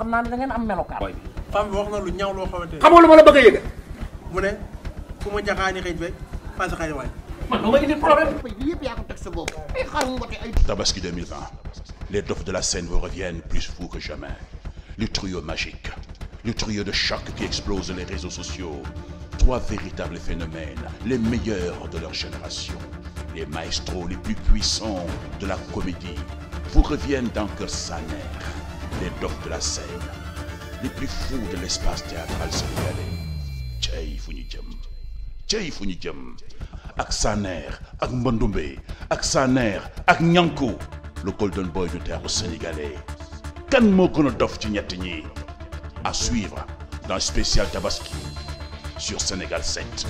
xam naa ne da am melokaan. femme bi na lu ñaaw loo xamante ne. xamoo lu ma la bëgg mu ne fu ma jaxaani xëy be paase xëy waay. man dama indi problème. lii yëpp yaa les dofs de la scène vous reviennent plus fous que jamais le trio magique le trio de choc qui explose les réseaux sociaux trois véritables phénomènes les meilleurs de leur génération les maestros les plus puissants de la comédie vous reviennent dans Kër Saner. dofs de la scène les plus fous de l'espace théâtral sénégalais cey fu ñu jëm cey fu ñu ak Saner ak Mbandoumbé ak Saner ak Ñankou le golden boy du théâtre sénégalais kan moo gën dof ci ñett ñi à suivre dans spécial Tabaski sur Sénégal 7